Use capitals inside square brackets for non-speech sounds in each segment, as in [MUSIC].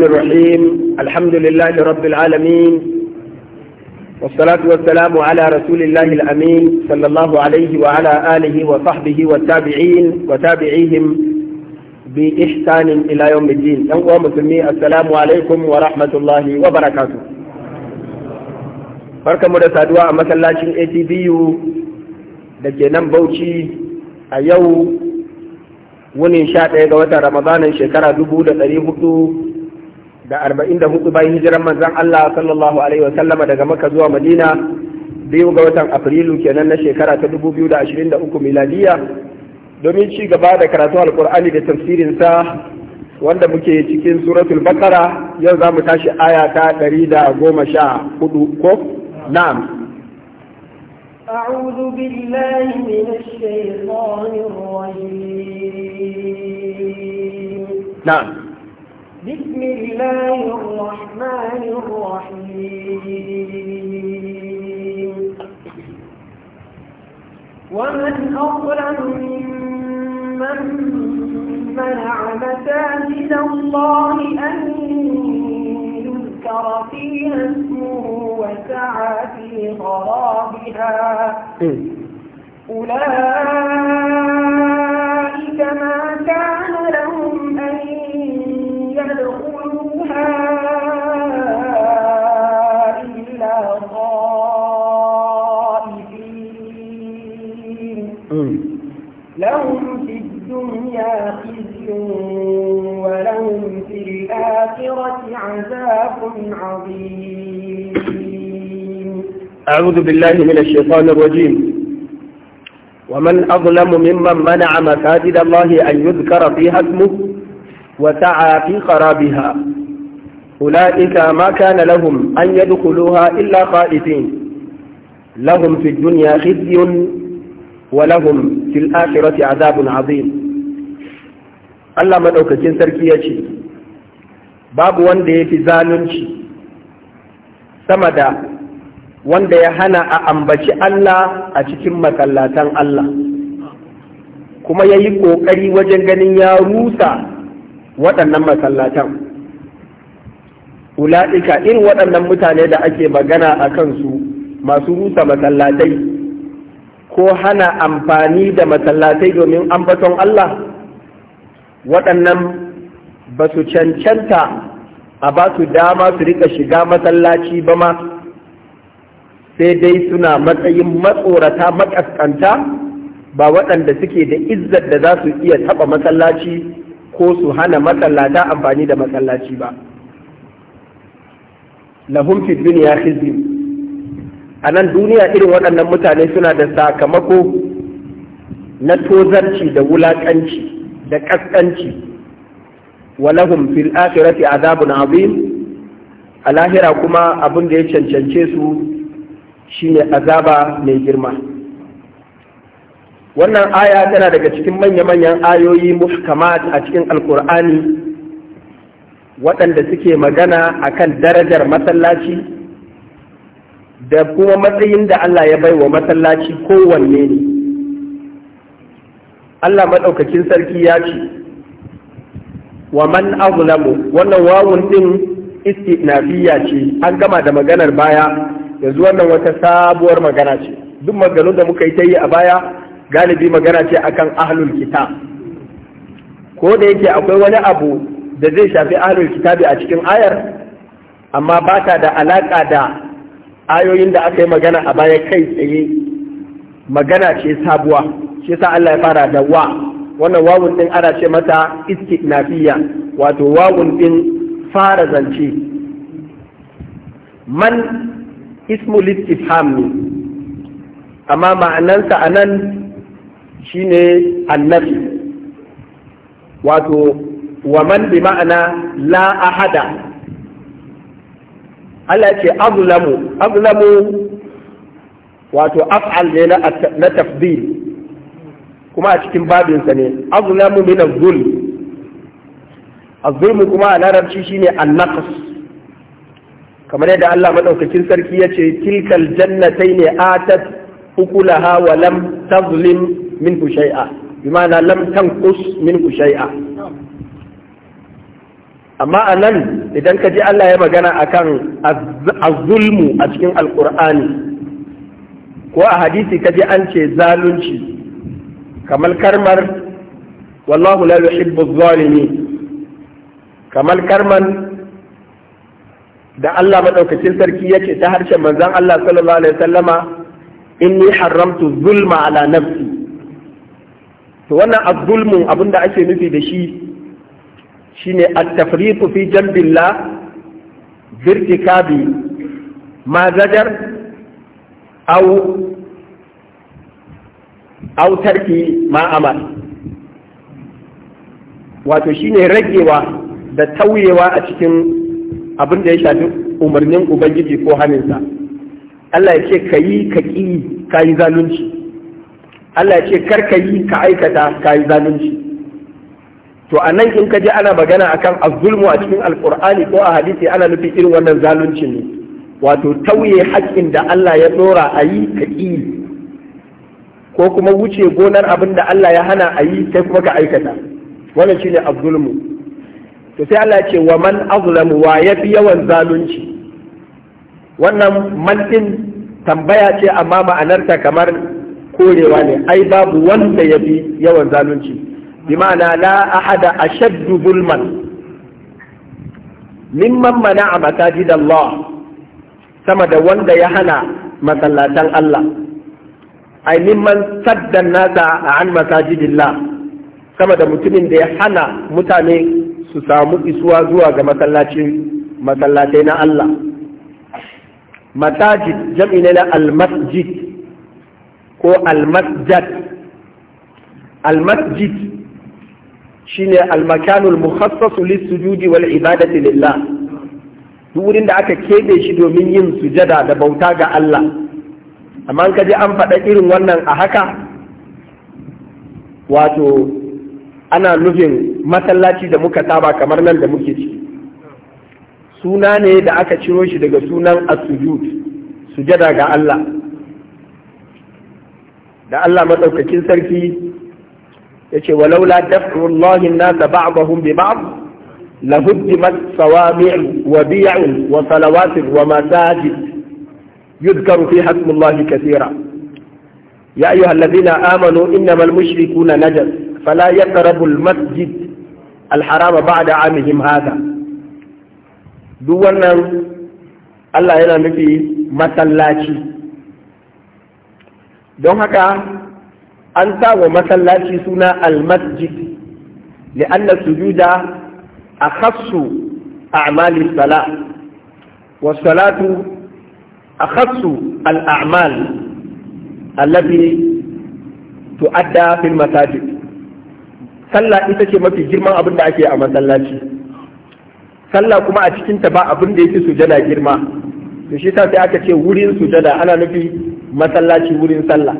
الرحيم الحمد لله رب العالمين والصلاة والسلام على رسول الله الأمين صلى الله عليه وعلى آله وصحبه والتابعين وتابعيهم بإحسان إلى يوم الدين أنقوا مسلمي السلام عليكم ورحمة الله وبركاته barka mu da saduwa a masallacin atbu da ke nan bauchi a yau wunin 11 ga watan ramadanin shekara 1400 da arba'in da hudu bayan hijiran manzan Allah sallallahu alaihi wasallam daga maka zuwa madina biyu ga watan afrilu kenan na shekara ta dubu biyu da ashirin da uku miladiya domin ci gaba da karatun alkur'ani da tafsirinsa wanda muke cikin suratul bakara yau za mu tashi aya ta ɗari da goma sha hudu ko na'am أعوذ بسم الله الرحمن الرحيم ومن أظلم ممن منع مساجد الله أن يذكر فيها اسمه وسعى في خرابها إيه. أولئك ما كانوا تدخلوها إلا خائفين لهم في الدنيا خزي ولهم في الآخرة عذاب عظيم أعوذ بالله من الشيطان الرجيم ومن أظلم ممن منع مساجد الله أن يذكر فيها اسمه وسعى في خرابها أولئك ما كان لهم أن يدخلوها إلا خائفين لهم في الدنيا خزي ولهم في الآخرة عذاب عظيم Allah maɗaukakin sarki ya ce, Babu wanda ya fi zalunci sama da wanda ya hana a ambaci Allah a cikin masallatan Allah, kuma ya yi ƙoƙari wajen ganin ya rusa waɗannan masallatan ula'ika irin waɗannan mutane da ake magana a kansu masu rusa masallatai ko hana amfani da masallatai domin ambaton Allah waɗannan ba su cancanta a ba su dama su rika shiga masallaci ba ma sai dai suna matsayin matsorata makaskanta ba waɗanda suke da izzar da za su iya taɓa masallaci ko su hana masallata amfani da matsalaci ba lahum bin ya khizy a nan duniya irin waɗannan mutane suna da sakamako na tozarci da wulaƙanci da ƙasƙanci walahum fil akhirati azabun azim a lahira kuma abin da ya cancance su shine azaba mai girma wannan aya tana daga cikin manya-manyan ayoyi muhkamat a cikin alkur'ani waɗanda suke magana a kan darajar masallaci da kuma matsayin da Allah ya bai wa masallaci kowanne ne Allah maɗaukakin sarki ya ce wa man azlamu wannan wawun ɗin istinafiya ce an gama da maganar baya yanzu wannan wata sabuwar magana ce duk maganu da muka yi ta yi a baya galibi magana ce akan ahlul kitab ko da yake akwai wani abu da zai shafi ahlul kitabi a cikin ayar amma ba ta da alaƙa da ayoyin da aka yi magana a baya kai tsaye magana ce sabuwa shi sa Allah ya fara da wa wannan wawun din ana ce mata istinafiya wato wawun din fara zance man ismul istifham ne amma ma'anansa anan Shi ne annabi wato wa man bi ma'ana la ahada Allah ce azlamu azlamu wato af'al ne na tafdil kuma a cikin babinsa ne azlamu min az-zulm az-zulm kuma a larabci shine an-naqs kamar yadda Allah madaukakin sarki ya ce tilkal jannatai ne atat ukulaha wa lam tazlim minhu shay'a bimana lam tanqus minhu shay'a amma a nan idan ka ji Allah ya magana akan azulmu a cikin alkur'ani ko a hadisi ka ji an ce zalunci kamar karmar wallahu la yuhibbu zalimi kamar karman da Allah madaukakin sarki yake ta harshen manzon Allah sallallahu alaihi wasallama inni haramtu zulma ala nafsi to wannan abdulmun abin da ake nufi da shi shine at-tafriqu fi jambillah birtikabi ma zajar aw aw tarki ma amal wato shine ragewa da tauyewa a cikin abin da ya shafi umarnin ubangiji ko haninsa Allah ya ce ka yi ka ƙi ka yi zalunci Allah ce karka yi ka aikata ka yi zalunci to a nan in ka je ana magana akan azulmu a cikin alkur'ani ko a hadisi ana nufin irin wannan zalunci ne wato tauye haƙƙin da Allah ya dora a yi ka ƙi ko kuma wuce gonar abin da Allah ya hana a yi sai kuma ka aikata wannan shine azulmu to sai Allah ce wa man azlamu wa yafi yawan zalunci wannan man tambaya ce amma ma'anarta kamar korewa ne ai babu wanda ya fi yawan zalunci bi ma'ana la ahada ashaddu bulman mimman mana'a masajid Allah sama da wanda ya hana masallatan Allah ai mimman saddan nasa an masajidillah sama da mutumin da ya hana mutane su samu isuwa zuwa ga masallacin masallatai na Allah masajid jam'i ne na al-masjid ko almasjad almasjid shine almakanul mukhassas lis wal ibadati lillah duk wurin da aka kebe shi domin yin sujada da bauta ga Allah amma ka ji an faɗa irin wannan a haka wato ana nufin masallaci da muka saba kamar nan da muke ciki suna ne da aka ciro shi daga sunan as-sujud sujada ga Allah da Allah madaukakin sarki yace walaula daf'ullahi an-nasa ba'dahum bi ba'd lahuddimat sawami' wa bi'un wa salawat wa masajid yudhkaru fiha ismullahi kathira ya ayyuhalladhina amanu innamal mushrikuna najas fala yaqrabu al-masjid al-harama ba'da 'amihim hadha duk wannan Allah yana nufi masallaci don haka an sa masallaci suna almasjid li'anna sujuda akhassu a'mali sala wa salatu a akhassu al'amal allati tu'adda fil masajid sallah ita ce mafi girman abin da ake a masallaci sallah kuma a cikinta ba abin da yake sujada girma to shi sai aka ce wurin sujada ana nufi masallaci wurin sallah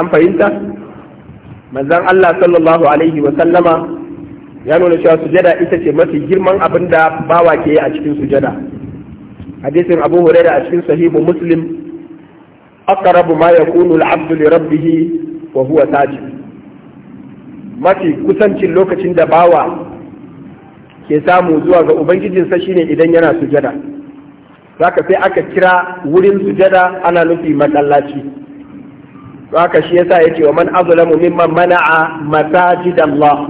an fahimta manzan Allah sallallahu alaihi wa sallama ya nuna cewa sujada ita ce mafi girman abin da bawa ke a cikin sujada hadisin abu huraira a cikin sahihu muslim aqrabu ma yakunu al-abdu li rabbih wa huwa sajid mafi kusancin lokacin da bawa ke samu zuwa ga ubangijinsa shine idan yana sujada zaka sai aka kira wurin sujada ana nufi masallaci haka shi yasa yake wa man azlamu mimman mana'a masajid Allah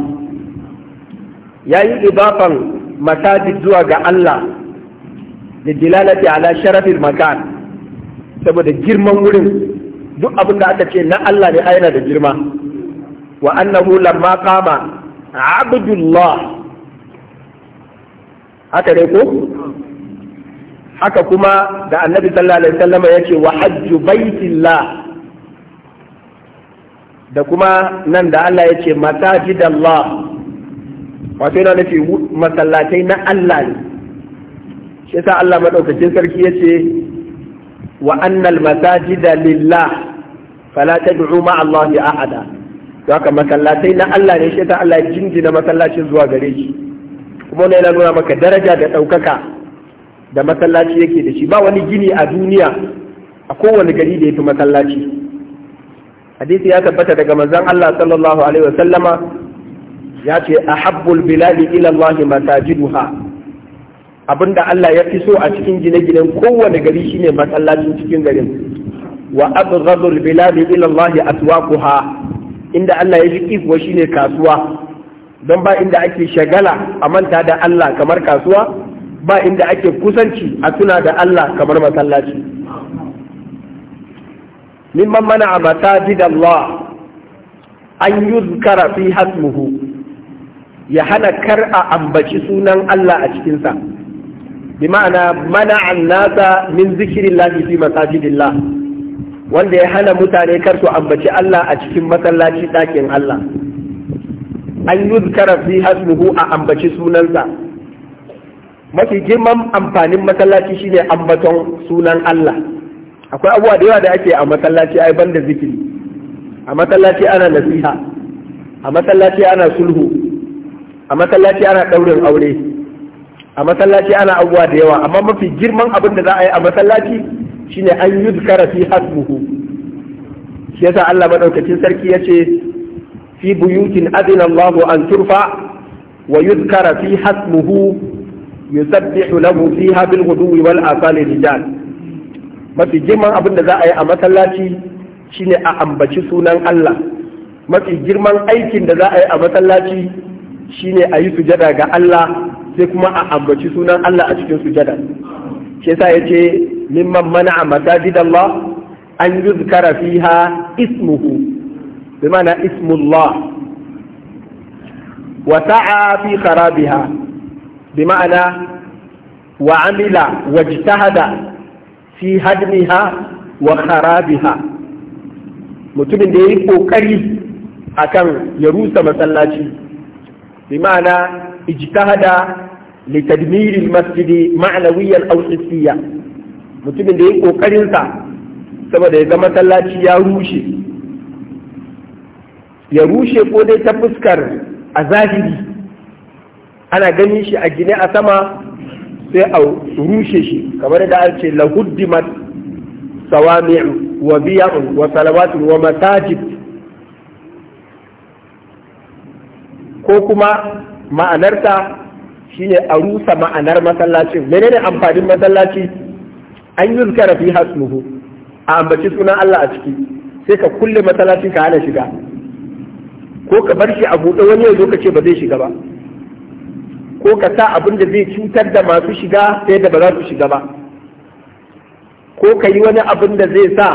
yayi idafan masajid zuwa ga Allah da dilalati ala sharafil makan saboda girman wurin duk abin da aka ce na Allah ne aina da girma wa annahu lamma qama abdullah haka dai ko haka kuma da annabi sallallahu alaihi wasallam yake wa hajju baitillah da kuma nan da Allah yake masajidallah wato yana nufi masallatai na Allah ne shi yasa Allah madaukakin sarki yace wa annal masajida lillah fala tad'u ma Allah ahada to haka masallatai na Allah ne shi yasa Allah ya jingina masallacin zuwa gare shi kuma wannan yana nuna maka daraja da daukaka da masallaci yake da shi ba wani gini a duniya a kowane gari da yafi masallaci hadisi ya tabbata daga manzon Allah sallallahu alaihi sallama ya ce ahabbul biladi ila Allah masajiduha abinda Allah ya fi so a cikin gine-ginen kowane gari shine masallacin cikin garin wa abghadul bilali ila Allah aswaquha inda Allah ya fi kifuwa shine kasuwa don ba inda ake shagala a manta da Allah kamar kasuwa ba inda ake kusanci a tuna da Allah kamar masallaci mimman mana a masajid Allah an yuzkara fi hasmuhu ya hana kar a ambaci sunan Allah a cikinsa bi ma'ana mana nasa min zikirin lafi fi masajidillah wanda ya hana mutane kar su ambaci Allah a cikin masallaci ɗakin Allah an yuzkara fi hasmuhu a ambaci sunansa mafi girman amfanin masallaci shine ambaton sunan Allah akwai abubuwa da yawa da ake a masallaci ai da zikiri a masallaci ana nasiha a masallaci ana sulhu a masallaci ana ɗaurin aure a masallaci ana abubuwa da yawa amma mafi girman abin da za a yi a masallaci shine an yuzkara fi hasbuhu shi yasa Allah madaukakin sarki ya ce, fi buyutin adina Allahu an turfa wa yuzkara fi hasbuhu yusabbihu lahu fiha bil ghudwi wal asali rijal mafi girman abin da za a yi a masallaci shine a ambaci sunan Allah mafi girman aikin da za a yi a masallaci shine a yi sujada ga Allah sai kuma a ambaci sunan Allah a cikin sujada shi yasa yace mimman mana'a masajidallah an yuzkara fiha ismuhu bimana ismullah wa sa'a fi kharabiha bi ma'ana wa amila wa wa mutumin da ya yi a akan ya rusa masallaci bi ma'ana ijtahada li tadmir al masjid aw hissiyan mutumin da ya yi kokarin sa saboda ya ga masallaci ya rushe ya rushe ko dai ta fuskar a zahiri ana ganin shi a gine a sama sai a rushe shi kamar da an ce lahuddimat sawami'u wa biya'u wa salawatu wa masajid ko kuma ma'anarta shine a rusa ma'anar masallacin menene amfanin masallaci an yi zukara fi hasmuhu a ambaci sunan Allah a ciki sai ka kulle masallacin ka hana shiga ko ka bar shi a buɗe wani ya ce ba zai shiga ba ko ka sa abin da zai cutar da masu shiga sai da ba za su shiga ba ko ka yi wani abin da zai sa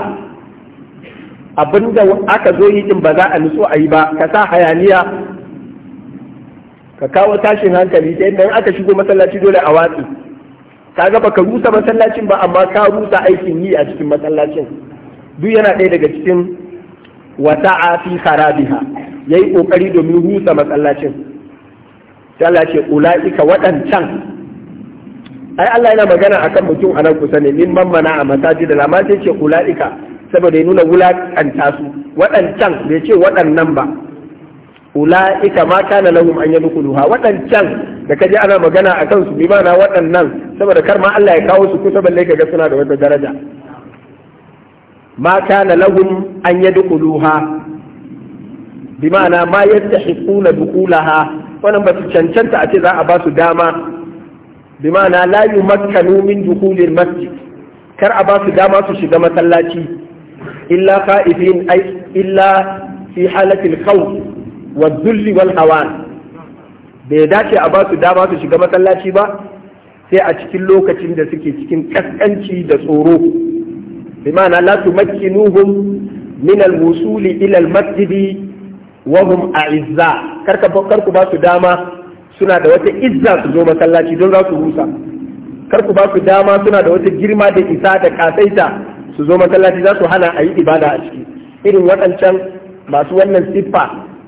abin da aka zo yi din ba za a nutso a yi ba ka sa hayaniya ka kawo tashin hankali ta yadda aka shigo masallaci dole a watsi gaba ka rusa masallacin ba amma ka rusa aikin yi a cikin masallacin duk yana ɗaya daga cikin a fi ya yayi kokari domin rusa masallacin sai Allah ce ula'ika waɗancan ai Allah yana magana akan mutum a nan kusa ne min man mana a masajid da lamar ce ula'ika saboda ya nuna wulaƙanta su waɗancan bai ce waɗannan ba ula'ika ma kana lahum an yadkhuluha waɗancan da kaje ana magana akan su bi mana waɗannan saboda kar ma Allah ya kawo su kusa balle kaga suna da wata daraja ma kana lahum an yadkhuluha bi mana ma yastahiquna dukhulaha wannan ba su cancanta a ce za a ba su dama bi ma'ana layu yumakkanu min dukhulil masjid kar a ba su dama su shiga masallaci illa khaifin ai illa fi halatil khawf wa dhulli wal hawan bai dace a ba su dama su shiga masallaci ba sai a cikin lokacin da suke cikin kaskanci da tsoro bi ma'ana la tumakkinuhum min al-wusuli ila al-masjidi wahum a'izza karka kar ba su dama suna da wata izza su zo masallaci don za su rusa kar ku ba su dama suna da wata girma da isa da kasaita su zo masallaci za su hana a yi ibada a ciki irin waɗancan masu wannan siffa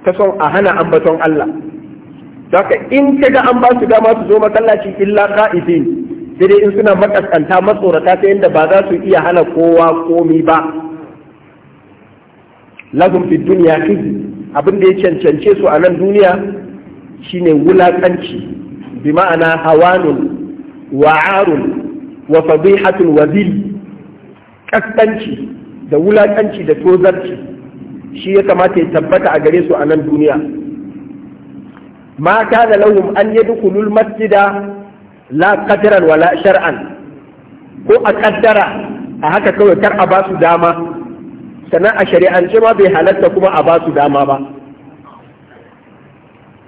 ta son a hana ambaton Allah Daka in ka an ba su dama su zo masallaci illa ka'ifin sai dai in suna makaskanta matsorata ta yadda ba za su iya hana kowa komi ba lahum fi dunya khizy abin da ya cancance su a nan duniya shine wulakanci bi ma'ana hawanun wa'arun wa fadihatun wa zil kaskanci da wulakanci da tozarci shi ya kamata ya tabbata a gare su a nan duniya Mata da lahum an yadkhulul masjida la qadaran wala shar'an ko a ƙaddara a haka kawai kar a ba su dama sannan a shari'ance ma bai halatta kuma a ba su dama ba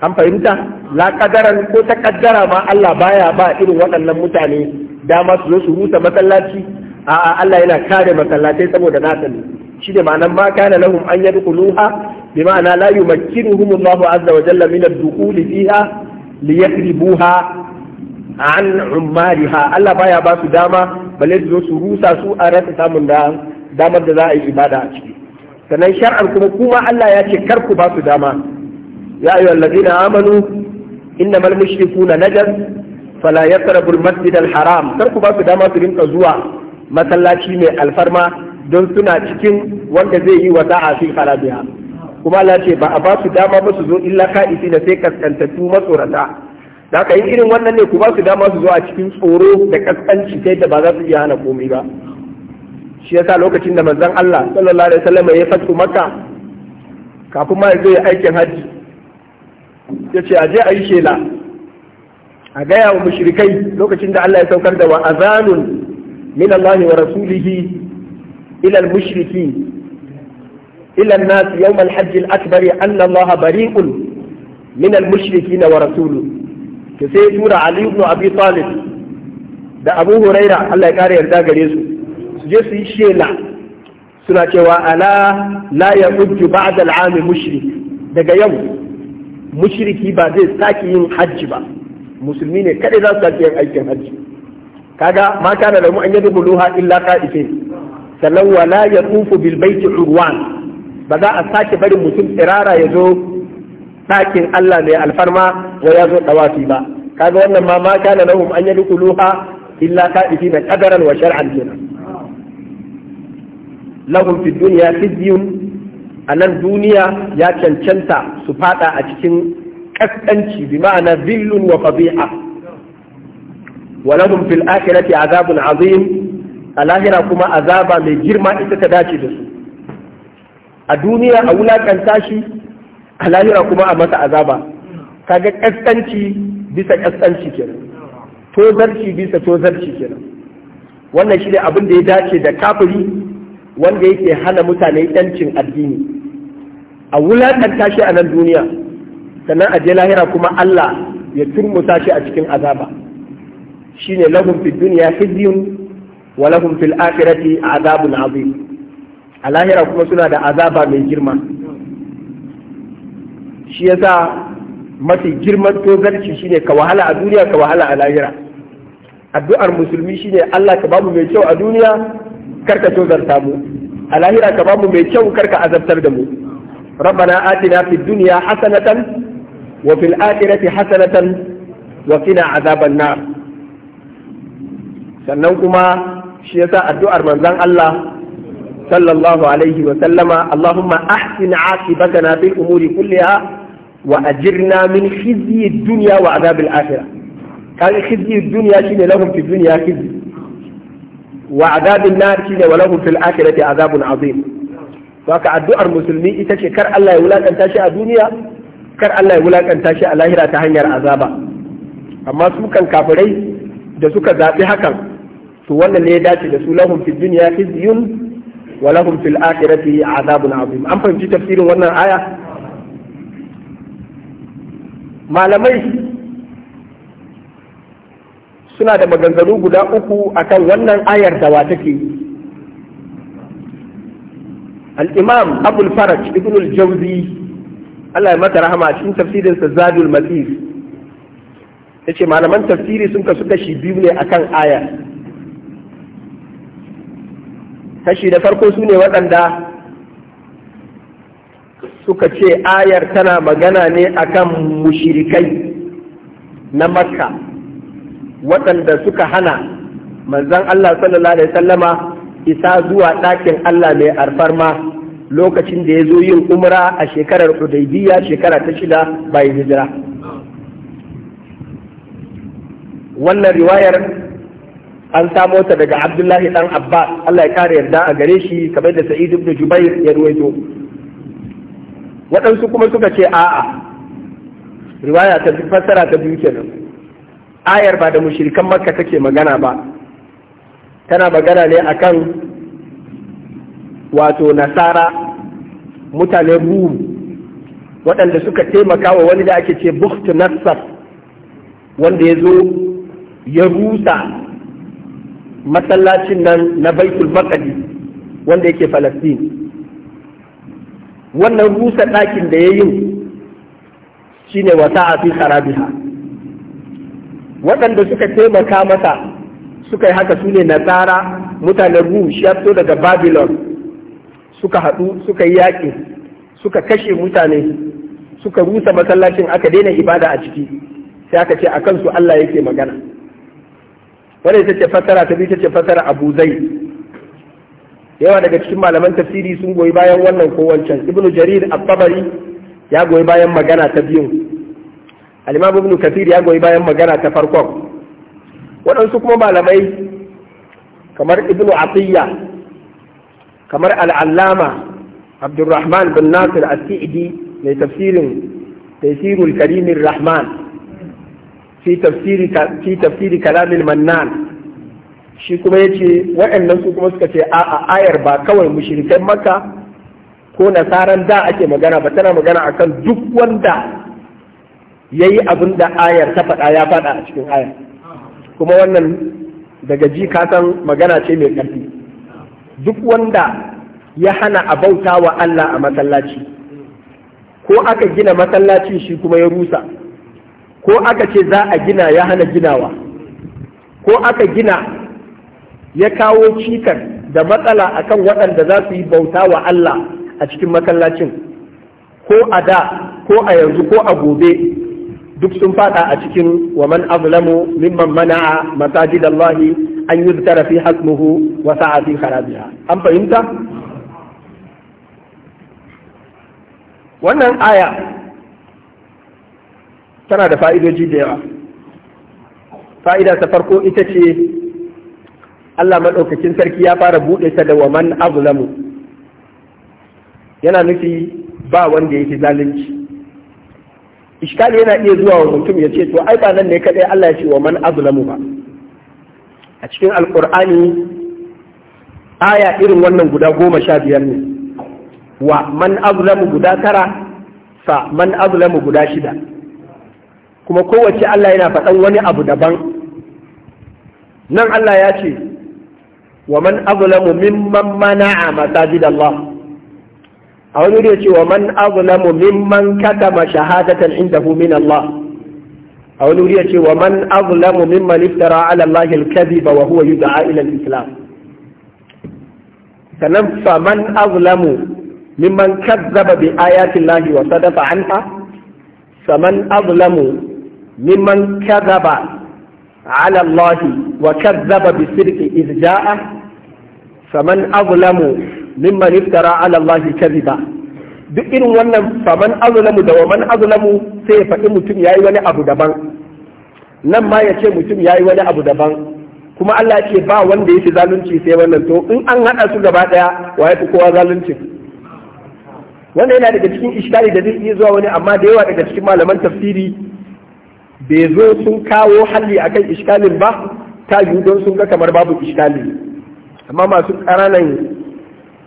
an fahimta la kadaran ko ta kaddara ma Allah baya ba irin waɗannan mutane dama su zo su rusa masallaci a'a Allah yana kare masallatai saboda nasa ne shi da ma'anan ma kana lahum an yadkhuluha bi ma'ana la yumakkinuhum Allahu azza wa jalla min ad-dukhul fiha li an ummariha Allah baya ba su dama balle su zo su rusa su a rasa samun da damar da za a yi ibada a ciki sannan shar'an kuma kuma Allah ya ce kar ku ba su dama ya ayyuhal ladina amanu innamal mushrikuna najas fala yaqrabu masjid al-haram kar ku ba su dama su rinka zuwa masallaci mai alfarma don suna cikin wanda zai yi wada'a fi harabiya kuma Allah ce ba a ba su dama ba su zo illa ka'isi da sai kaskantattu matsorata da haka yi irin wannan ne ku ba su dama su zo a cikin tsoro da kaskanci sai da ba za su iya hana komai ba shi yasa lokacin da manzon Allah sallallahu alaihi wasallam ya fatu makka kafin ma zai aikin haji ya ce aje a yi shela a gaya wa mushrikai lokacin da Allah ya saukar da wa azanun min Allah wa rasulihi ila mushriki ila nas yawm al-hajj al-akbar anna Allah bari'un min al-mushrikina wa rasuluhu ke sai tura Ali ibn Abi Talib da Abu Huraira Allah ya kare yarda gare su su je su yi shela suna cewa ala la ya ujju ba'da mushrik daga yau mushriki ba zai saki yin hajji ba musulmi ne kada za su saki yin aikin hajji kaga ma kana da mu an yadu buluha illa qa'ifin sannan wa la yatufu bil baiti urwan ba za a sake bari mutum tsirara ya zo ɗakin Allah mai alfarma wa ya zo ɗawafi ba kaga wannan ma ma kana lahum an yadkhuluha illa qa'ifina qadaran wa shar'an kenan lahum fi dunya khizyun a nan duniya ya cancanta su fada a cikin kaskanci bi ma'ana zillun wa fadi'a wa lahum fil akhirati azabun azim a lahira kuma azaba mai girma ita ta dace da su a duniya a wulakanta shi a lahira kuma a masa azaba kaga kaskanci bisa kaskanci kenan tozarci bisa tozarci kenan wannan shi ne abin da ya dace da kafiri wanda yake hana mutane yancin addini a wulatan shi a nan duniya sannan a je lahira kuma Allah ya turmuta shi a cikin azaba shine lahum fid dunya khizyun wa lahum fil akhirati azabun azim a lahira kuma suna da azaba mai girma shi yasa mafi girman tozarci shine ka wahala a duniya ka wahala a lahira addu'ar musulmi shine Allah ka bamu mai kyau a duniya karka tozarta mu a lahira ka bamu mai kyau karka azabtar da mu rabbana atina fid dunya hasanatan wa fil akhirati hasanatan wa qina azaban nar sannan kuma shi yasa addu'ar manzon Allah sallallahu alaihi wa sallama Allahumma ahsin aqibatana fil umuri kulliha wa ajirna min khizyi dunya wa azabil akhirah kan khizyi dunya shine lahum fid dunya khizyi wa azabin nar shine wa lahum fil akhirati azabun azim to haka addu'ar musulmi ita ce kar Allah ya wulakanta shi a duniya kar Allah ya wulakanta shi a lahira ta hanyar azaba amma su kan kafirai da suka zaɓi hakan to wannan ne ya dace da su lahum fid dunya khizyun wa lahum fil akhirati azabun azim an fahimci tafsirin wannan aya malamai suna da maganganu guda uku akan wannan ayar da wa take al-imam al faraj ibn al-jawzi Allah ya mata rahama cikin tafsirin sa zadul matif yace malaman tafsiri sun kasu kashi biyu ne akan ayar. kashi da farko su ne waɗanda suka ce ayar tana magana ne akan mushirikai na makka waɗanda suka hana manzon Allah sallallahu alaihi wasallama isa zuwa ɗakin Allah mai alfarma lokacin da ya zo yin umra a shekarar ƙudaibiyya shekara ta shida bayan hijira wannan riwayar an samo ta daga Abdullahi Ɗan Abba. Allah ya kare yarda a gare shi kamar da Sa'idu da Jubair ya ruwaito waɗansu kuma suka ce a'a riwaya ta fassara ta biyu kenan ayar ba da mushirikan makka take magana ba tana magana ne akan wato nasara mutane rum waɗanda suka taimaka wa wani da ake ce bukht nassar wanda ya zo ya rusa masallacin nan na baitul maqdis wanda yake falastin wannan rusa ɗakin da ya yi shine wata a fi harabiha waɗanda suka taimaka masa suka yi haka su ne nasara mutanen rum shi ya fito daga babylon suka haɗu suka yi yaƙi suka kashe mutane suka rusa masallacin aka daina ibada a ciki sai aka ce a kansu Allah yake magana wanda ita ce fasara ta biyu ita ce fasara abu zai yawa daga cikin malaman tafsiri sun goyi bayan wannan ko wancan ibnu jarir at-tabari ya goyi bayan magana ta biyun al ibn kathir ya goyi bayan magana ta farkon waɗansu kuma malamai kamar ibn atiyya kamar al'allama abdurrahman bin nasir as-sa'idi mai tafsirin tafsirul karimin rahman fi tafsiri kalamin mannan shi kuma yace ce waɗannan su kuma suka ce a ayar ba kawai shirikai maka ko nasaran da ake magana ba tana magana akan duk wanda ya yi abin da ayar ta faɗa ya faɗa a cikin ayar kuma wannan daga ji kasan magana ce mai ƙarfi duk wanda ya hana a bauta wa Allah a masallaci ko aka gina masallaci shi kuma ya rusa ko aka ce za a gina ya hana ginawa ko aka gina ya kawo cikar da matsala akan waɗanda za su yi bauta wa Allah a cikin masallacin ko a da ko a yanzu ko a gobe duk sun fada a cikin wa man azlamu mimman mana'a masajid Allah an yuzkara fi hasmuhu wa sa'a fi kharabiha an fahimta wannan aya tana da fa'idoji da yawa fa'ida ta farko ita ce Allah madaukakin sarki ya fara buɗe ta da waman azlamu yana nufi ba wanda ya zalunci iskali yana iya zuwa wa mutum ya ce to ai ba nan ne kadai Allah ya ce wa man azlamu ba a cikin alqur'ani aya irin wannan guda goma sha biyar ne wa man azlamu guda tara fa man azlamu guda shida kuma kowace Allah yana faɗan wani abu daban nan Allah ya ce wa man azlamu mimman mana'a masajidallah a wani wuri da wa man azlamu mimman katama shahadatan indahu min Allah a wani wuri ya ce wa man azlamu mimman iftara ala Allah al-kadhiba wa huwa yud'a ila al-islam sannan fa man azlamu mimman kazzaba bi ayati Allah wa sadafa anha faman azlamu mimman kadhaba ala Allah wa kazzaba bi sirqi idh ja'a faman azlamu mimman iftara ala Allah kadhiba duk irin wannan faman azlamu da waman azlamu sai ya faɗi mutum yayi wani abu daban nan ma ya ce mutum yayi wani abu daban kuma Allah ce ba wanda ya fi zalunci sai wannan to in an hada su gaba ɗaya wa ya kowa zalunci wannan yana daga cikin iskari da zai iya zuwa wani amma da yawa daga cikin malaman tafsiri bai zo sun kawo halli akan iskalin ba ta yi don sun ga kamar babu iskali amma masu ƙaranan.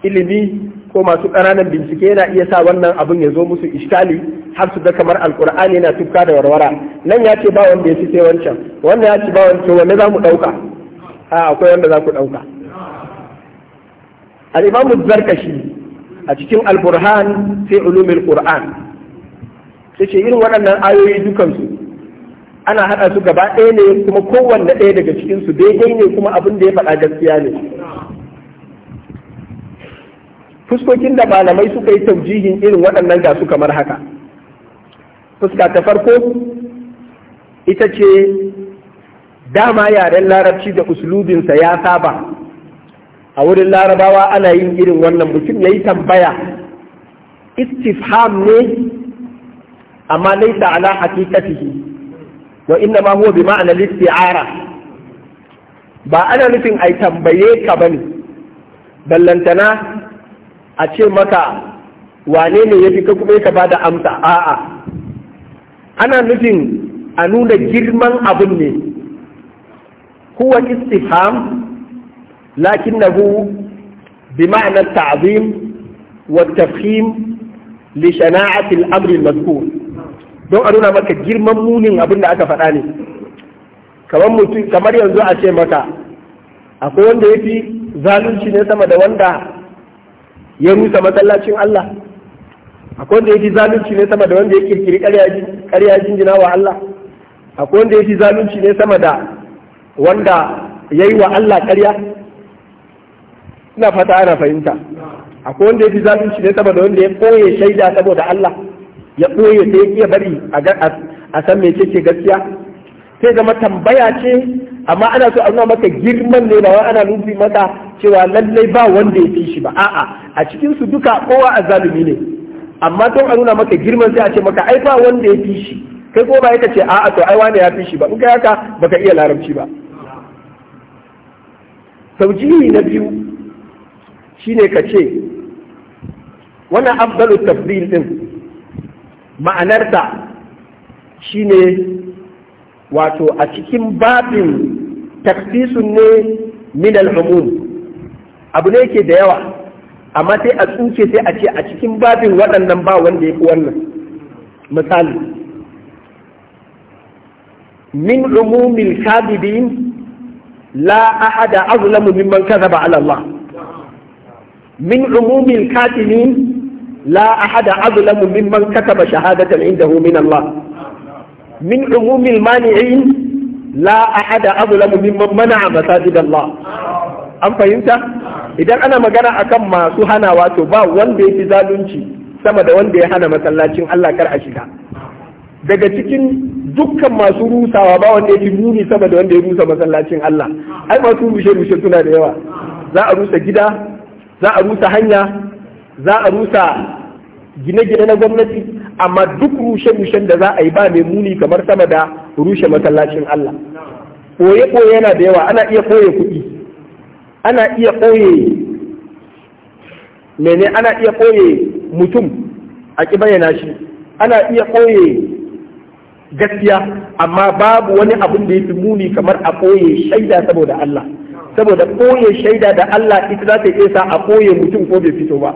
ilimi ko masu ƙananan bincike yana iya sa wannan abin ya zo musu iskali har su ga kamar alkur'ani na tufka da warwara nan ya ce ba wanda ya fi wancan wannan ya ce ba wancan wanda za mu ɗauka a akwai wanda za ku ɗauka al'imamu zarkashi a cikin alburhan sai ulumil qur'an sai ce irin waɗannan ayoyi dukansu ana haɗa su gaba ɗaya ne kuma kowanne ɗaya daga cikinsu daidai ne kuma abin da ya faɗa gaskiya ne fuskokin da malamai suka yi taujihin irin waɗannan ga su kamar haka fuska ta farko ita ce dama yaren larabci da uslubinsa ya saba a wurin larabawa ana yin irin wannan mutum ya yi tambaya istifham ne amma laisa ala hakikati. wa inna ma huwa bi ma'ana isti'ara ba ana nufin a tambaye ka bane ballantana a ce maka wane ne ya fi ka kuma ka ba da amsa a'a ana nufin a nuna girman abin ne huwa istifham lakinnahu bi ma'anar ta'zim wa tafhim li shana'ati al amri al-mazkur don a nuna maka girman munin abin da aka faɗa ne kamar yanzu a ce maka akwai wanda yafi zalunci ne sama da wanda ya rusa masallacin Allah akwai wanda fi zalunci ne sama da wanda ya kirkiri ƙarya jinjina wa Allah akwai wanda fi zalunci ne sama da wanda ya yi wa Allah karya? ina fata ana fahimta akwai wanda fi zalunci ne sama da wanda ya koye shaida saboda Allah ya koye sai ya bari a san me ce gaskiya sai zama tambaya ce amma ana so a nuna maka girman ne ba wai ana nufi maka cewa lallai ba wanda ya fi shi ba a'a a cikin su duka kowa zalumi ne amma don a nuna maka girman sai a ce maka ai ba wanda ya fi shi kai ko ba ya ce a'a to ai wani ya fi shi ba in kai haka baka iya larabci ba taujihi na biyu shine ka ce wannan afdalu tafdil din ma'anarta shine wato a cikin babin takfisun ne min al abu ne yake da yawa amma sai a tsuke sai a ce a cikin babin waɗannan ba wanda ya fi wannan misali min umumil kadibin la ahada azlamu mimman kadhaba ala Allah min umumil kadibin la ahada azlamu mimman kataba shahadatan indahu min Allah min umumil mani'in la ahada azlamu mimman mana'a masajid Allah an fahimta idan ana magana a kan masu hanawa to ba wanda ya fi zalunci sama da wanda ya hana masallacin Allah kar a shiga daga cikin dukkan masu rusawa ba wanda ya fi muni sama da wanda ya rusa masallacin Allah ai masu rushe rushe suna da yawa za a rusa gida za a rusa hanya za a rusa gine-gine na gwamnati amma duk rushe-rushen da za a yi ba mai muni kamar sama da rushe masallacin Allah koye-koye yana da yawa ana iya koye kuɗi ana iya ƙoye mene ana iya ɓoye mutum a ƙi bayyana shi ana iya ƙoye gaskiya amma babu wani abin da ya fi muni kamar a ƙoye shaida saboda Allah saboda ƙoye shaida da Allah ita za ta iya sa a ƙoye mutum ko bai fito ba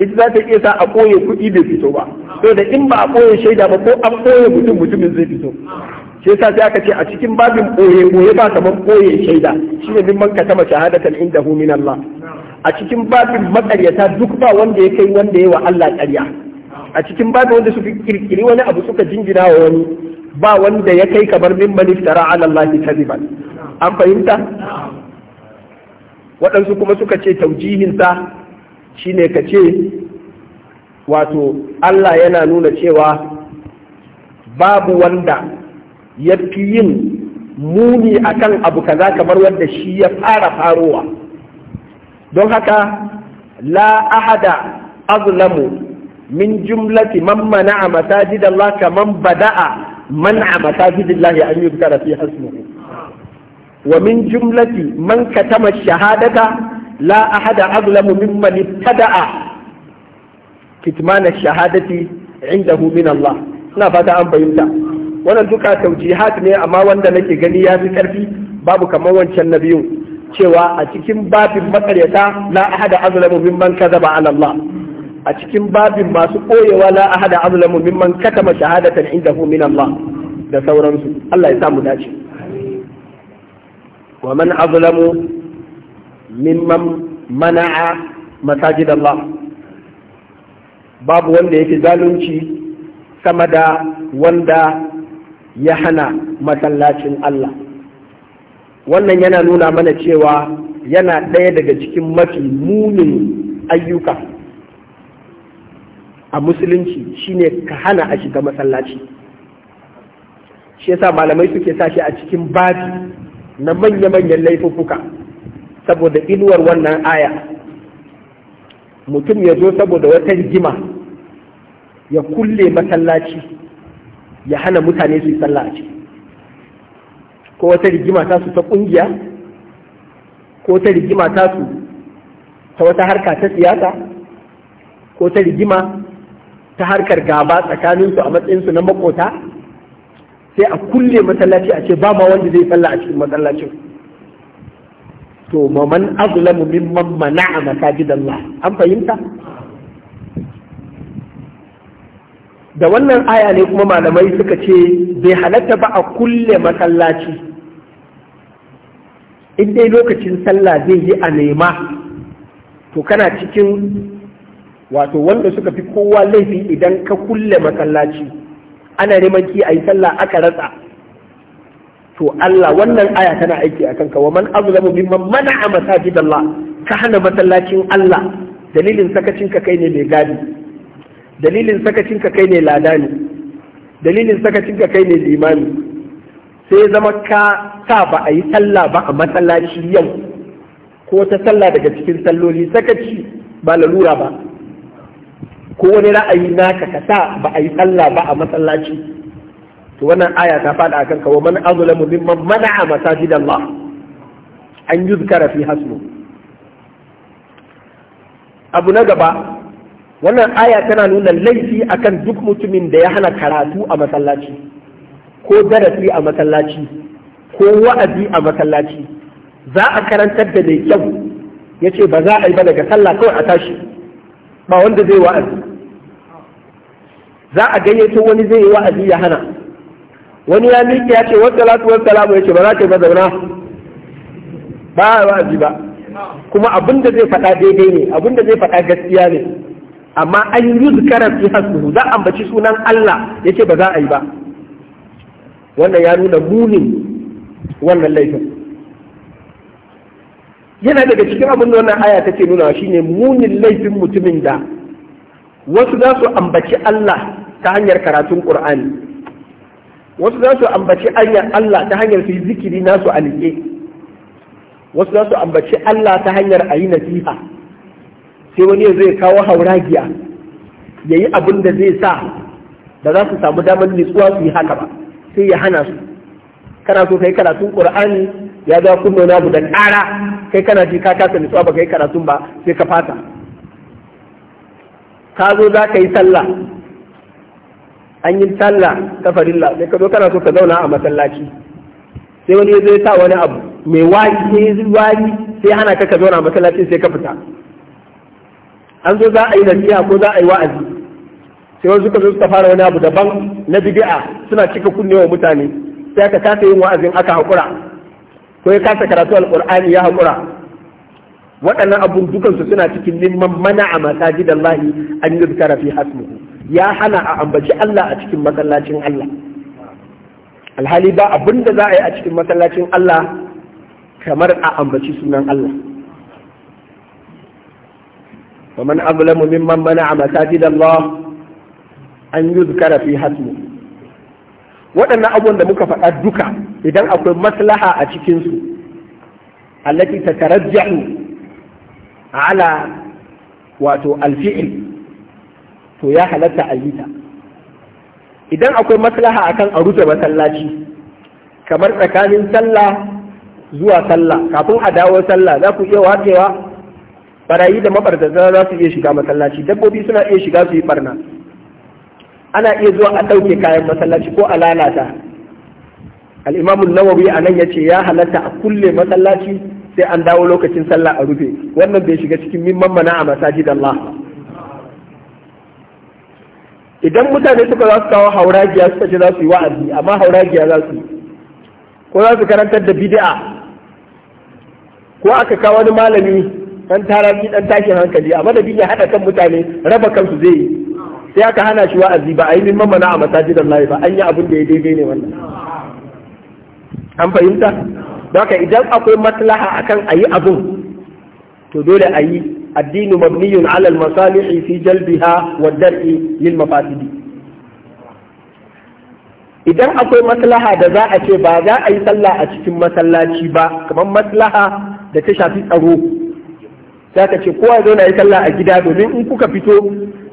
ita za ta iya sa a ƙoye kuɗi bai fito ba saboda in ba a ƙoye shaida ba ko an ƙoye mutum mutumin zai fito shi yasa sai aka ce a cikin babin boye boye ba kaman boye shaida shi ne mimman ka tama shahadatan indahu min Allah a cikin babin makaryata duk ba wanda ya kai wanda ya wa Allah ƙarya a cikin babin wanda suka kirkiri wani abu suka jingina wa wani ba wanda ya kai kamar min iftara ala Allah kadiban an fahimta waɗansu kuma suka ce taujihinsa shine ka ce wato Allah yana nuna cewa babu wanda ya fi yin muni akan abu kaza kamar wanda shi ya fara farowa don haka la ahada azlamu min jumlati man mana'a masajidallah kaman bada'a man'a masajidillah an yuzkara fi hasmuhu wa min jumlati man katama shahadata la ahada azlamu mimman ibtada'a kitman ash-shahadati indahu min Allah ina fata an bayyana wannan duka taujihat ne amma wanda nake gani ya fi karfi babu kamar wancan na biyu cewa a cikin babin makaryata la ahada azlamu mimman kadhaba ala Allah a cikin babin masu koyewa la ahada azlamu mimman katama shahadatan indahu min Allah da sauransu Allah ya samu dace wa man azlamu mimman mana'a masajid Allah babu wanda yake zalunci sama da wanda ya hana masallacin Allah wannan yana nuna mana cewa yana ɗaya daga cikin mafi munin ayyuka a musulunci shine ka hana a shiga masallaci shi yasa malamai suke sashi a cikin baji na manya-manyan laifuffuka saboda inuwar wannan aya mutum ya zo saboda wata rigima ya kulle masallaci ya hana mutane su yi sallah a ciki ko wata rigima ta su ta kungiya ko ta rigima ta su ta wata harka ta siyasa ko ta rigima ta harkar gaba tsakaninsu a matsayinsu na makota sai a kulle masallaci a ce ba ma wanda zai sallah a cikin masallacin to man azlamu mimman mana'a masajidallah an fahimta da wannan aya ne kuma malamai suka ce bai halatta ba a kulle masallaci in dai lokacin sallah zai yi a nema to kana cikin wato wanda suka fi kowa laifi idan ka kulle masallaci ana neman ki a yi sallah aka ratsa to Allah wannan aya tana aiki a kanka wa man azlamu mimman mana'a masajidallah ka hana masallacin Allah dalilin sakacin ka kai ne mai gadi dalilin sakacinka kai ne ladani dalilin sakacinka kai ne limami sai zama ka sa ba a yi sallah ba a masallaci yau ko ta sallah daga cikin salloli sakaci ba lalura ba ko wani ra'ayi naka ka sa ba a yi sallah ba a masallaci to wannan aya ta faɗa akan ka wa man azlamu mimman mana'a masajid an yuzkara fi hasmu abu na gaba wannan aya tana nuna laifi akan duk mutumin da ya hana karatu a masallaci ko darasi a masallaci ko wa'azi a masallaci za a karantar da mai kyau ya ce ba za a yi ba daga sallah kawai a tashi ba wanda zai wa'azi za a gayyato wani zai yi wa'azi ya hana wani ya miƙe ya ce wata latu wata lamu ya ce ba za ka yi ba ba wa'azi ba kuma abin da zai faɗa daidai ne abin da zai faɗa gaskiya ne amma an yi zikara fi hasbuhu za a ambaci sunan Allah yace ba za a yi ba wannan ya nuna munin wannan laifin yana daga cikin abin da wannan aya take nuna shine munin laifin mutumin da wasu za su ambaci Allah ta hanyar karatun Qur'ani wasu za su ambaci hanyar Allah ta hanyar su yi zikiri nasu a wasu za su ambaci Allah ta hanyar ayi nasiha sai wani ya zai kawo hauragiya ya yi abin da zai sa ba za su samu damar nutsuwa su yi haka ba sai ya hana su kana so kai karatun qur'ani ya ga kun nuna da ƙara kai kana ji ka kasa nutsuwa ba kai karatun ba sai ka fata ka zo za ka yi sallah an yi sallah ta farilla sai ka zo kana so ka zauna a masallaci sai wani ya zai sa wani abu mai wani sai sai hana ka ka zauna a masallaci sai ka fita an zo za a yi nasiha ko za a yi wa'azi sai wasu suka zo suka fara wani abu daban na bid'a suna cika kunne wa mutane sai aka kasa yin wa'azin aka haƙura ko ya kasa karatu alƙur'ani ya haƙura waɗannan abun dukansu suna cikin neman mana a lahi, an yuzkara fi hasmuhu ya hana a ambaci Allah a cikin masallacin Allah alhali ba abin da za a yi a cikin masallacin Allah kamar a ambaci sunan Allah ومن أظلم ممن منع مساجد الله أن يذكر في حسمه waɗannan abubuwan da muka faɗa duka idan akwai maslaha a cikinsu allati ta ala wato to ya halatta a yi ta idan akwai maslaha akan a rufe masallaci kamar tsakanin sallah zuwa sallah kafin a dawo sallah za ku iya watsewa barayi da mabarzaza za su iya shiga masallaci dabbobi suna iya shiga su yi barna ana iya zuwa a ɗauke kayan masallaci ko a lalata al'imamu nawawi a nan ya ce ya halatta a kulle masallaci sai an dawo lokacin sallah a rufe wannan bai shiga cikin mimman mana a masajid Allah idan mutane suka za su kawo hauragiya suka ce za su yi wa'azi amma hauragiya za su ko za su karantar da bid'a ko aka kawo wani malami dan taraki dan tashin hankali a madadin ya hada kan mutane raba kansu zai yi sai aka hana shi wa'azi ba a yi mimman mana a masajidan layi ba an yi abin da ya daidai ne wannan an fahimta haka idan akwai maslaha akan a yi abin to dole a yi addini mabniyun alal masalihi fi jalbiha wa dar'i lil mafasidi idan akwai maslaha da za a ce ba za a yi sallah a cikin masallaci ba kamar maslaha da ta shafi tsaro za ka ce kowa zauna yi sallah a gida domin in kuka fito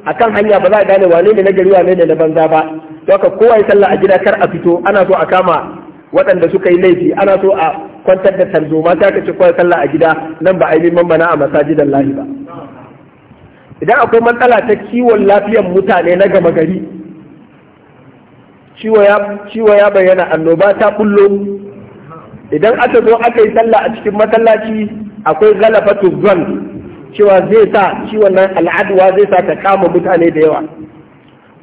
akan hanya ba za a gane wane ne na gari wane ne na banza ba to haka kowa yi sallah a gida kar a fito ana so a kama waɗanda suka yi laifi ana so a kwantar da tarzoma za ka ce kowa sallah a gida nan ba a yi mana a masajidan lahi ba idan akwai matsala ta kiwon lafiyar mutane na gama gari ciwo ya bayyana annoba ta bullo idan aka zo aka yi sallah a cikin masallaci akwai galafatu zon cewa zai sa ciwon nan al'adwa zai sa ta kama mutane da yawa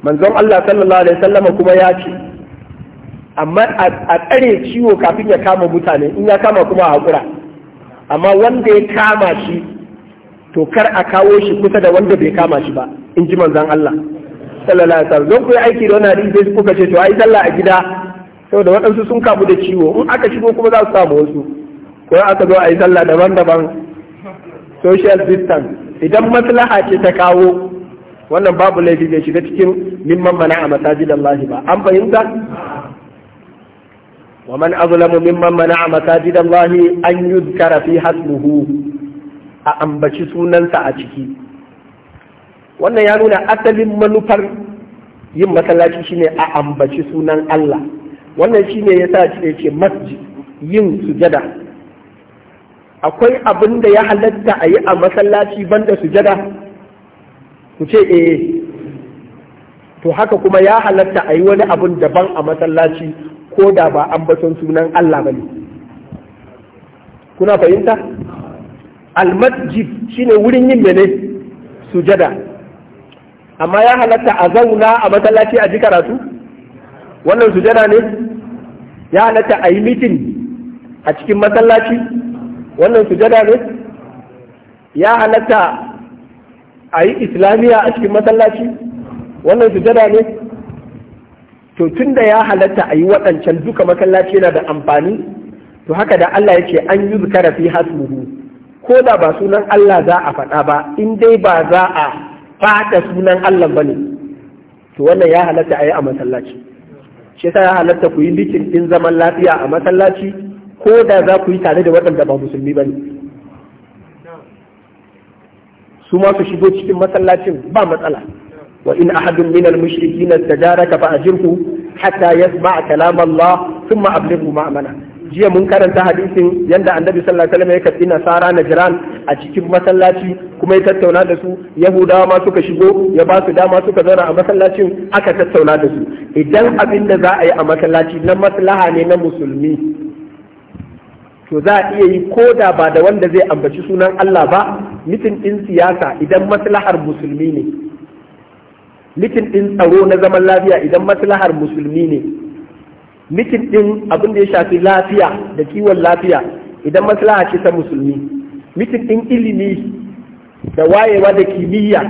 manzon Allah sallallahu alaihi wasallama kuma ya ce amma a tsare ciwo kafin ya kama mutane in ya kama kuma haƙura amma wanda ya kama shi to kar a kawo shi kusa da wanda bai kama shi ba in ji manzon Allah sallallahu alaihi wasallam don ku aiki da wani hadisi kuka ce to ai sallah a gida saboda waɗansu sun kamu da ciwo in aka shigo kuma za su samu wasu ko aka zo a yi sallah daban-daban social distance idan maslaha ce ta kawo wannan babu laifi bai shiga cikin mimman mana a masajid Allah ba an fahimta wa man azlamu mimman mana a masajid Allah an yuzkara fi hasmuhu a ambaci sunansa a ciki wannan ya nuna asalin manufar yin masallaci shine a ambaci sunan Allah wannan shine yasa ce masjid yin sujada akwai abin da ya halatta a yi a masallaci banda sujada ku ce eh to haka kuma ya halatta a yi wani abin daban a masallaci ko da ba an ambaton sunan Allah ba ne kuna fahimta almasjid shine wurin yin mene sujada amma ya halatta a zauna a masallaci a ji karatu wannan sujada ne ya halatta a yi mitin a cikin masallaci wannan sujada ne ya halatta a yi islamiyya a cikin masallaci wannan sujada ne to tun da ya halatta a yi waɗancan duka masallaci yana da amfani to haka da Allah ya ce an yi zikara fi hasmuhu ko da ba sunan Allah za a faɗa ba in dai ba za a faɗa sunan Allah ba ne to wannan ya halatta a yi a masallaci shi yasa ya halatta ku yi likin ɗin zaman lafiya a masallaci ko da za ku yi tare da waɗanda ba musulmi ba ne su ma su shigo cikin masallacin ba matsala wa in ahadun min al-mushrikin istajaraka fa ajirhu hatta yasma' kalam Allah thumma ablighu ma'mana jiya mun karanta hadisin yanda annabi sallallahu alaihi wasallam ya karbi nasara najran a cikin masallaci kuma ya tattauna da su yahudawa ma suka shigo ya ba su dama suka zauna a masallacin aka tattauna da su idan abin da za a yi a masallaci na maslaha ne na musulmi to za a iya yi ko da ba da wanda zai ambaci sunan Allah ba mitin ɗin siyasa idan maslahar musulmi ne mitin ɗin tsaro na zaman lafiya idan maslahar musulmi ne mitin ɗin abin da ya shafi lafiya da kiwon lafiya idan maslaha ce ta musulmi mitin ɗin ilimi da wayewa da kimiyya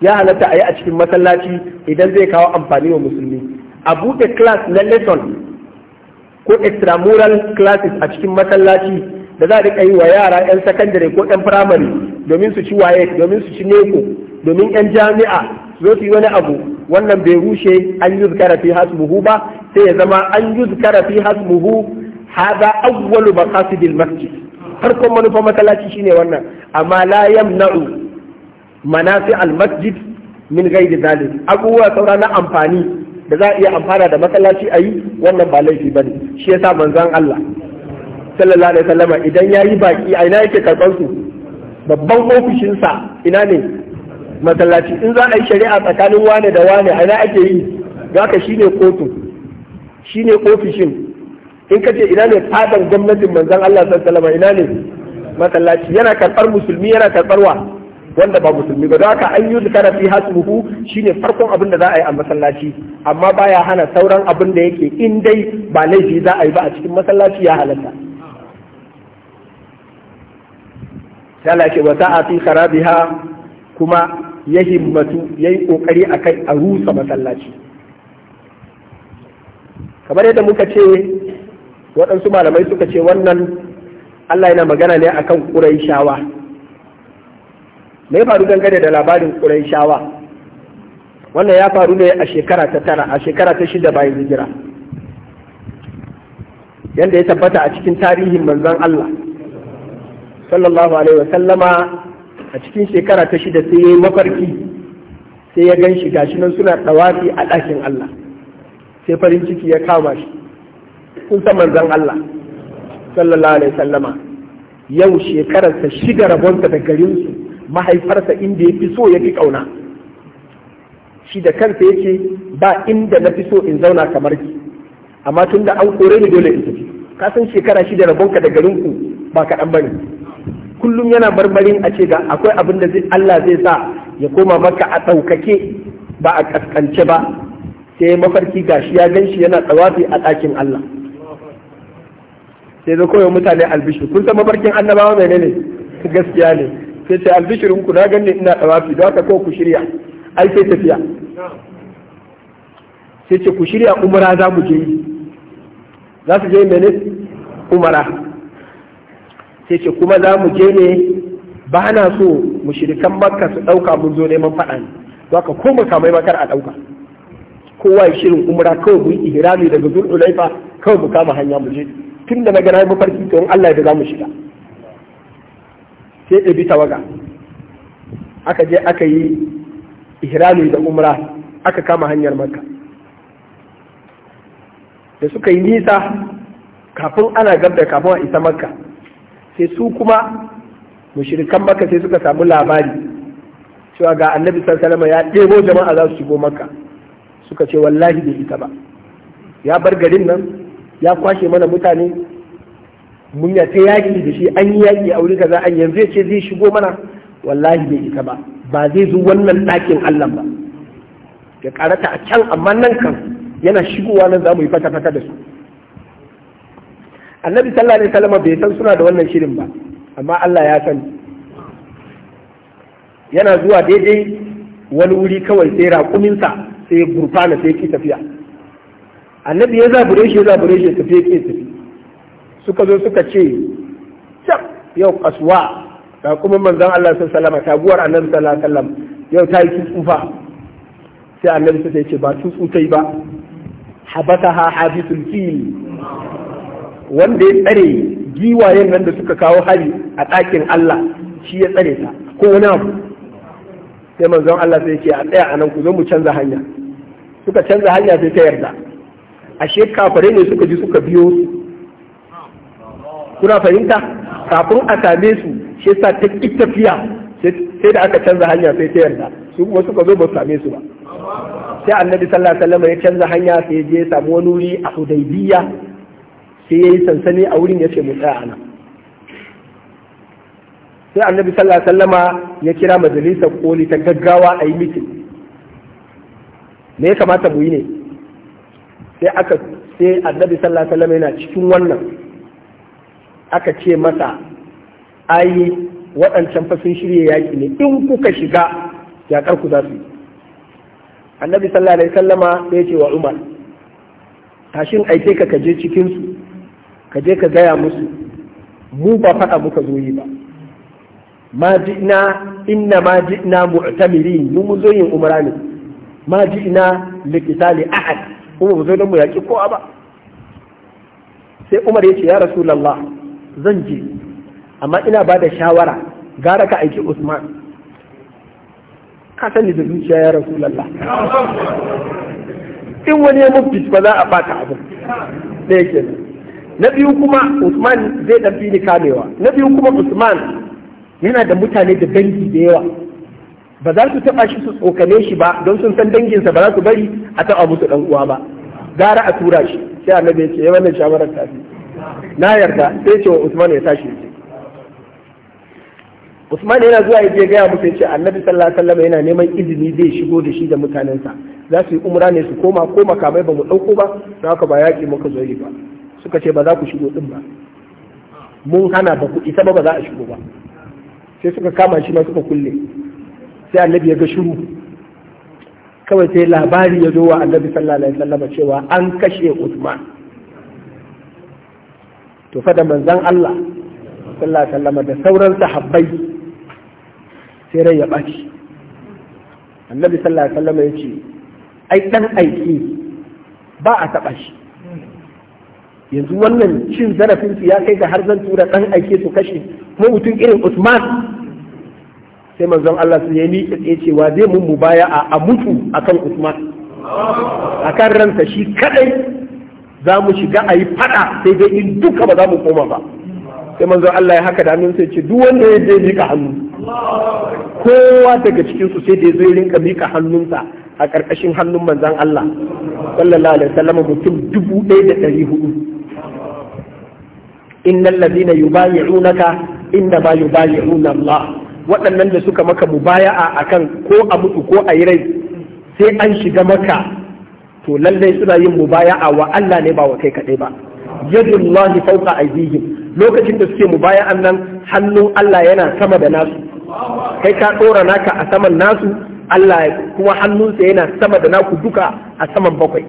ya halatta a yi a cikin masallaci idan zai kawo amfani wa musulmi a buɗe class na lesson ko extramural classes a cikin masallaci da za a rika yi wa yara 'yan sakandare ko 'yan firamare domin su ci waye domin su ci neko domin 'yan jami'a zo su yi wani abu wannan bai rushe an yi zikara fi hasbuhu ba sai ya zama an yi zikara fi hasbuhu hada awwalu maqasidil masjid farkon manufa masallaci shine wannan amma la yamna'u manasi al masjid min ghairi zalik abubuwa saura na amfani da za a iya amfana da masallaci a yi wannan ba laifi ba ne shi yasa manzon Allah sallallahu alaihi wasallama idan yayi baki a ina yake karban su babban ofishin sa ina ne masallaci in za a yi shari'a tsakanin wane da wane a ina ake yi zaka shine kotu shine ofishin in ka ce ina ne fadan gwamnatin manzon Allah sallallahu alaihi wasallama ina ne masallaci yana karbar musulmi yana karbar wa wanda ba musulmi ba haka an yi zikara fi hasmuhu shine farkon abin da za a yi a masallaci amma baya hana sauran abin da yake in dai ba laifi za a yi ba a cikin masallaci ya halatta Allah ce wa fi kharabiha kuma ya himmatu yayi kokari akai a rusa masallaci kamar yadda muka ce waɗansu malamai suka ce wannan Allah yana magana ne akan Qurayshawa shawa me ya faru dangane da labarin shawa, wannan ya faru ne a shekara ta tara a shekara ta shida bayan hijira yadda ya tabbata a cikin tarihin manzon Allah sallallahu alaihi wa sallama a cikin shekara ta shida sai ya yi mafarki sai ya gan shi gashi nan suna tsawafi a ɗakin Allah sai farin ciki ya kama shi kun san manzon Allah sallallahu alaihi wa sallama yau shekararsa shiga rabonsa da garinsu mahaifarsa inda ya fi so ya fi ƙauna shi da kansa ya ce ba inda na fi so in zauna kamar ki amma tun da an kore ni dole in tafi ka san shekara shida rabonka da garin ku ba kaɗan ba ne kullum yana marmarin a ce ga akwai abin da Allah zai sa ya koma maka a ɗaukake ba a ƙasƙance ba sai mafarki gashi ya gan shi yana tsawafi a ɗakin Allah sai zai koyo mutane albishir kun san mafarkin annabawa menene gaskiya ne sai ce albishirin ku na ganin ina tawafi don haka ko ku shirya ai sai tafiya sai ce ku shirya umara za mu je za su je mene umara sai ce kuma za mu je ne ba na so mushrikan makka su ɗauka mun zo neman faɗa ne don haka ko kamai makar a ɗauka kowa ya shirin umara kawai mu yi ihrami daga laifa kawai mu kama hanya mu je tun da na gana mafarki to Allah ya da za mu shiga sai ɗabi tawaga aka je aka yi ihrami da umra aka kama hanyar makka da suka yi nisa kafin ana gab kafin a isa makka sai su kuma mushirikan maka sai suka samu labari cewa ga annabi sallallahu ya ɗebo jama'a za su shigo makka suka ce wallahi bai isa ba ya bar garin nan ya kwashe mana mutane mun ya ta yaƙi da shi an yi yaƙi a wurin kaza an yanzu ya ce zai shigo mana wallahi bai isa ba ba zai zo wannan ɗakin Allah ba ya karata a can amma nan kan yana shigowa nan za mu yi fata-fata da su annabi sallallahu alaihi wasallam bai san suna da wannan shirin ba amma Allah ya san yana zuwa daidai wani wuri kawai sai raƙuminsa sai ya gurfana sai ki tafiya annabi ya zabure shi ya zabure shi tafiye ke tafi suka zo suka ce cak yau kasuwa ga kuma manzan Allah sallallahu alaihi wasallam taguwar annabi sallallahu alaihi wasallam yau ta yi tsufa sai annabi sai ya ce ba tsufu tai ba Habata ha habisul fil wanda ya tsare giwayen nan da suka kawo hari a ɗakin Allah shi ya tsare ta ko wani abu sai manzon Allah sai ce a tsaya nan ku zo mu canza hanya suka canza hanya sai ta yarda ashe kafare ne suka ji suka biyo su kuna fahimta kafin a same su shi sa ta tafiya sai da aka canza hanya sai ta yarda su kuma suka zo ba su same su ba sai annabi sallallahu alaihi wasallam ya canza hanya sai ya je ya samu wani wuri a hudaybiya sai ya yi sansani a wurin ya ce mu tsaya ana sai annabi sallallahu alaihi wasallam ya kira majalisar koli ta gaggawa a yi mitin me ya kamata mu yi ne sai aka sai annabi sallallahu alaihi wasallam yana cikin wannan aka ce masa ayi, waɗancan fa sun shirya yaƙi ne in kuka shiga yaƙar ku za su yi annabi sallallahu alaihi sallama sai ya ce wa umar tashin aike ka kaje cikinsu ka je ka gaya musu mu ba faɗa muka zo yi ba ma ji'na inna ma ji'na mu'tamiri mu mun zo yin umra ne ma ji'na likitali ahad kuma ba zo don mu yaƙi kowa ba sai umar ya ce ya rasulullah zan je amma ina ba da shawara gara ka aiki usman ka sani da zuciya ya rasu lalla. in wani ya mufi ba za a bata abu da yake na biyu kuma usman zai dan fi kamewa na biyu kuma usman yana da mutane da dangi da yawa ba za su taɓa shi su tsokane shi ba don sun san danginsa ba za su bari a taɓa musu ɗan uwa ba gara a tura shi sai annabi ya ce eh, wannan shawarar tafi na yarda sai ce wa Usman ya tashi Usman yana zuwa ya je gaya musu ce Annabi sallallahu alaihi wasallam yana neman izini zai shigo da shi da mutanensa za su yi umra ne su koma ko makamai ba mu dauko ba za ka ba yaƙi muka zo ba suka ce ba za ku shigo din ba mun hana ba ku isa ba ba za a shigo ba sai suka kama shi ma suka kulle sai Annabi ya ga shiru kawai sai labari ya zo wa Annabi sallallahu alaihi wasallam cewa an kashe Usman to fa da manzan Allah sallallahu alaihi wasallam da sauran sahabbai sai rai ya baci annabi sallallahu alaihi wasallam ya ce ai dan aiki ba a taba shi yanzu wannan cin zarafin su ya kai ga har zan tura dan aiki su kashe kuma mutum irin Usman sai manzon Allah su ya miƙe ce cewa zai mun mu baya a mutu akan Usman akan ransa shi kadai za mu shiga a yi fada sai dai in duka ba za mu koma ba sai manzo Allah ya haka da hannun sai ce duk wanda ya je mika hannu kowa daga cikin su sai dai zai rinka mika hannunsa a ƙarƙashin hannun manzan Allah sallallahu alaihi wasallam mutum dubu ɗaya da ɗari hudu innal ladina yubayi'unaka inna ma yubayi'una Allah waɗannan da suka maka mubaya'a akan ko a mutu ko a yi rai sai an shiga maka to lallai suna yin mubaya'a wa Allah ne ba wa kai kaɗai ba yadullahi fawqa aydihim lokacin da suke mubaya'an nan hannun Allah yana sama da nasu kai ka dora naka a saman nasu Allah kuma hannunsa yana sama da naku duka a saman bakwai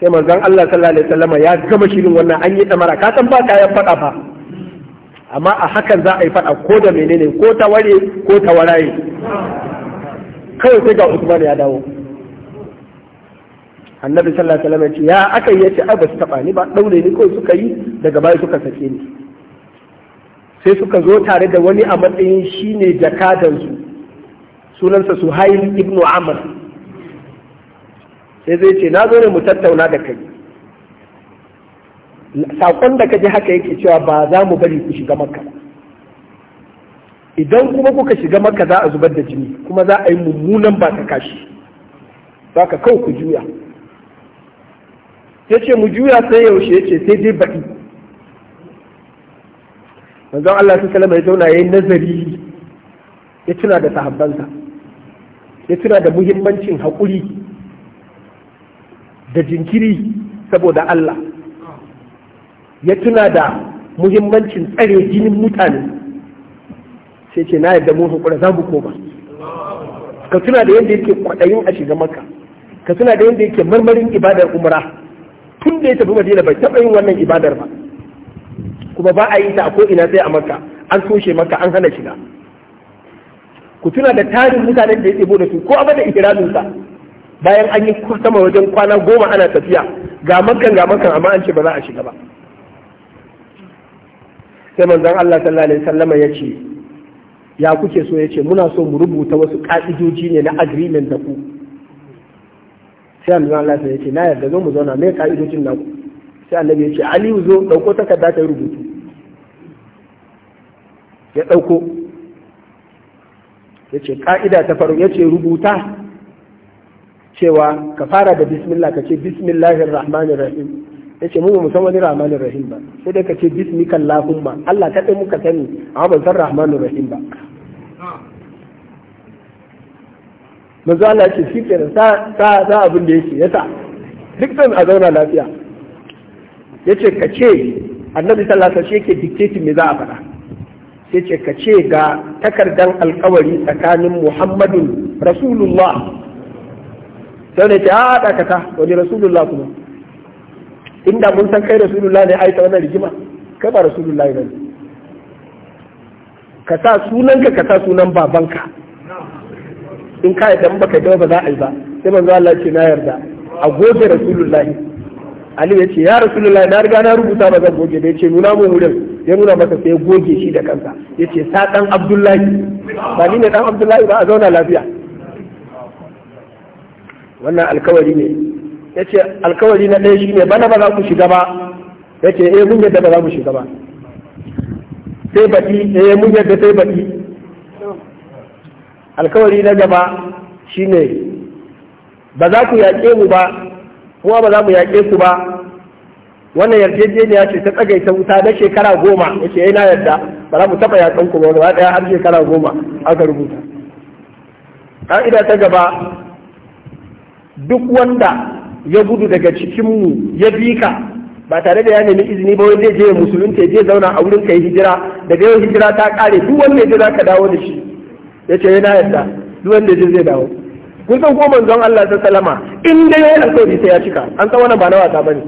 sai manzon Allah sallallahu alaihi wasallam ya gama shirin wannan an yi tsamara ka san ba kayan faɗa ba amma a hakan za a yi faɗa ko da menene ko ta ware ko ta waraye kawai sai ga usman ya dawo annabi sallallahu alaihi wasallam ya ce ya aka yi ya ce ai ba su taba ni ba daure ni kawai suka yi daga baya suka sake ni sai suka zo tare da wani a matsayin shine jakadansu sunansa suhail ibn amr sai zai ce na zo ne mu tattauna da kai saƙon da ka haka yake cewa ba za mu bari ku shiga makka idan kuma kuka shiga maka za a zubar da jini kuma za a yi mummunan ba ta kashi za ka kawo ku juya ya ce mu juya sai yaushe ya ce sai dai baɗi manzon Allah su salama ya zauna ya yi nazari ya tuna da sahabbansa ya tuna da muhimmancin haƙuri da jinkiri saboda Allah ya tuna da muhimmancin tsare jinin mutane sai ce na yadda mun hukura za mu koma ka tuna da yadda yake kwaɗayin a shiga maka ka tuna da yadda yake marmarin ibadar umra tun da ya tafi madina bai taɓa yin wannan ibadar ba kuma ba a yi ta a ina sai a maka an toshe maka an hana shiga ku tuna da tarin mutanen da ya tsebo da su ko a bada ikirarinsa bayan an yi sama wajen kwana goma ana tafiya ga makan ga makan amma an ce ba za a shiga ba sai manzon Allah sallallahu alaihi wasallam ya ce ya kuke so ya ce muna so mu rubuta wasu ka'idoji ne na agreement da ku sai annabi Allah ya ce na yarda zo mu zauna me ka'idojin naku sai annabi ya ce Aliyu zo dauko takarda ta rubutu ya dauko ya ce ka'ida ta faru ya ce rubuta cewa ka fara da bismillah ka ce bismillahir rahmanir rahim yace mu mu san wani rahmanir rahim ba sai dai ka ce bismika ma Allah ka dai muka sani amma ban san rahmanir rahim ba manzo Allah ce shi ke sa sa sa abin da yake yasa duk sai a zauna lafiya yace ka ce annabi sallallahu alaihi wasallam yake dictating me za a faɗa sai ce ka ce ga takardan alkawari tsakanin muhammadin rasulullah sai ne ce a ah, dakata wani rasulullah kuma inda mun san kai rasulullah ne aita wannan rigima kai ba rasulullah ne ka sa sunanka ka sa sunan babanka in ka yadda baka yi ba za a yi ba sai manzo Allah ce na yarda a goge rasulullah Ali ya ce ya rasulullah na riga na rubuta ba zan goge ba ya ce nuna mun wurin ya nuna masa sai goge shi da kansa ya ce sa dan Abdullahi ba ni ne dan Abdullahi ba a zauna lafiya wannan alkawari ne ya ce alkawari na ɗaya shine bana ba za ku shiga ba ya ce eh mun yadda ba za mu shiga ba sai baɗi eh mun yadda sai baɗi alkawari na gaba shine ba za ku yaƙe mu ba kuma ba za mu yaƙe ku ba wannan yarjejeniya ce ta tsagaita wuta na shekara goma ya ce yana eh, yadda ba za mu taɓa yaƙan ku ba wani ɗaya har shekara goma aka rubuta ƙa'ida ta gaba duk wanda ya gudu daga cikinmu ya bi ka ba tare da ya nemi izini ba wanda je musulunta je zauna a wurin kai hijira daga yau hijira ta kare duk wanda je ka dawo da shi ce yana yadda duk wanda je zai dawo kun san ko manzon Allah ta salama in dai yayi alƙawari sai ya cika an san wannan ba na wasa bane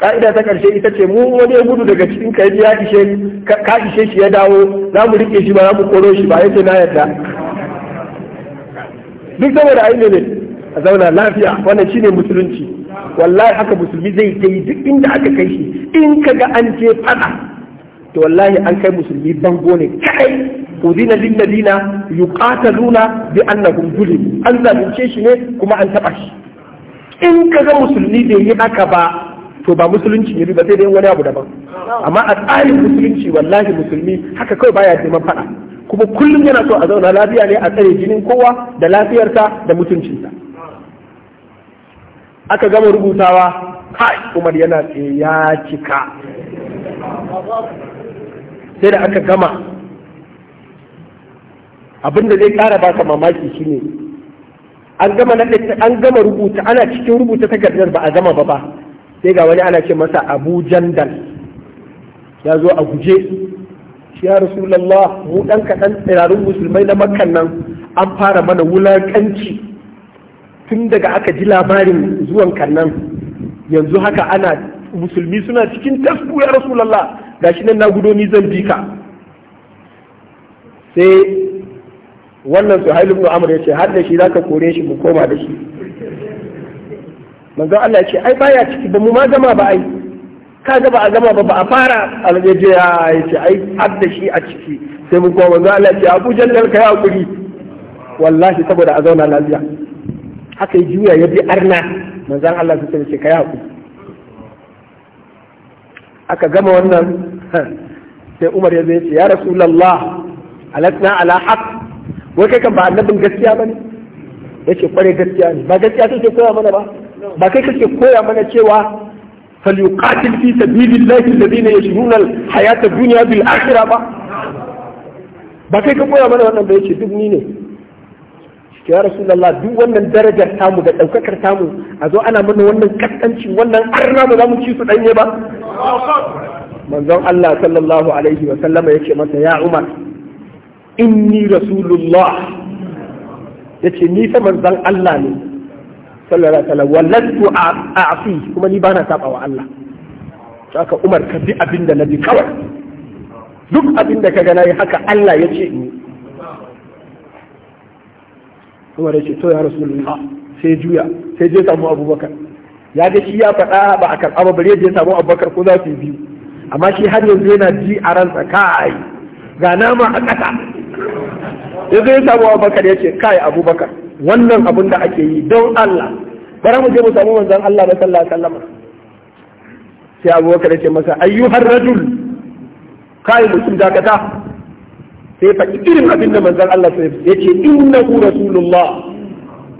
ka'ida ta karshe ita ce mu wani ya gudu daga cikin kai ya ishe ka ishe shi ya dawo za mu rike shi ba za mu koro shi ba yace na yadda duk saboda ai ne a zauna lafiya wannan shine musulunci wallahi haka musulmi zai yi duk inda aka kai shi in kaga an je fada to wallahi an kai musulmi bango ne kai udina lil ladina yuqataluna bi annahum zulim an zalunce shi ne kuma an taba shi in kaga musulmi bai yi haka ba to ba musulunci ne ba sai dai wani abu daban amma a tsarin musulunci wallahi musulmi haka kawai baya neman faɗa kuma kullum yana so a zauna lafiya ne a tsare jinin kowa da lafiyarsa da mutuncinsa aka gama rubutawa kai umar yana tsaye ya cika sai da aka gama abin da zai kara baka mamaki shine an gama an gama rubuta ana cikin rubuta takardar ba a gama ba ba sai ga wani ana ce masa abu jandal ya zo a guje ya rasulallah mu dan kaɗan tsirarun musulmai na makkan nan an fara mana wulakanci tun daga aka ji labarin zuwan kannan yanzu haka ana musulmi suna cikin tasku ya rasulallah gashi nan na gudo ni zan bi ka sai wannan suhail ibn amr ya ce har da shi zaka kore shi mu koma da shi manzon Allah ya ce ai baya ciki ba mu ma gama ba ai ka ga ba a gama ba ba a fara aljeje ya ce ai har da shi a ciki sai mun koma manzon Allah ya ce Abu Jallal kai hakuri wallahi saboda a zauna lafiya aka yi juya ya bi arna manzan Allah su ce ka yaku aka gama wannan [LAUGHS] sai Umar ya zai ce ya Rasulullah alatna ala haq wai kai kan ba annabin gaskiya ba ne yace kware gaskiya ne ba gaskiya kake koya mana ba ba kai kake koya mana cewa falyuqatil fi sabilillahi alladhina yashruna alhayata ad-dunya bil akhirah ba ba kai ka koya mana wannan ba yace duk ni ne ce ya rasulullah duk wannan darajar tamu da daukakar tamu a zo ana mana wannan kaskancin wannan arna ba za mu ci su danye ba manzon Allah sallallahu alaihi wa sallama yace masa ya Umar inni rasulullah yace ni fa manzon Allah ne sallallahu alaihi wa sallam wallattu a'fi kuma ni bana saba wa Allah to haka Umar ka bi abinda da nabi kawai duk abinda ka ga nayi haka Allah yace in umar ya ce to ya rasulullah sai juya sai je samu abubakar ya ga shi ya faɗa ba a karɓa ba ya je samu abubakar ko za su yi biyu amma shi har yanzu yana ji a ransa kai ga nama a ƙasa ya zo ya samu abubakar ya ce kai abubakar wannan abun da ake yi don Allah bara mu je mu samu manzon Allah na sallallahu alaihi wasallam sai abubakar ya ce masa ayyuhar rajul kai mutum dakata sai faɗi irin abin da manzan Allah sai ya ce innahu rasulullah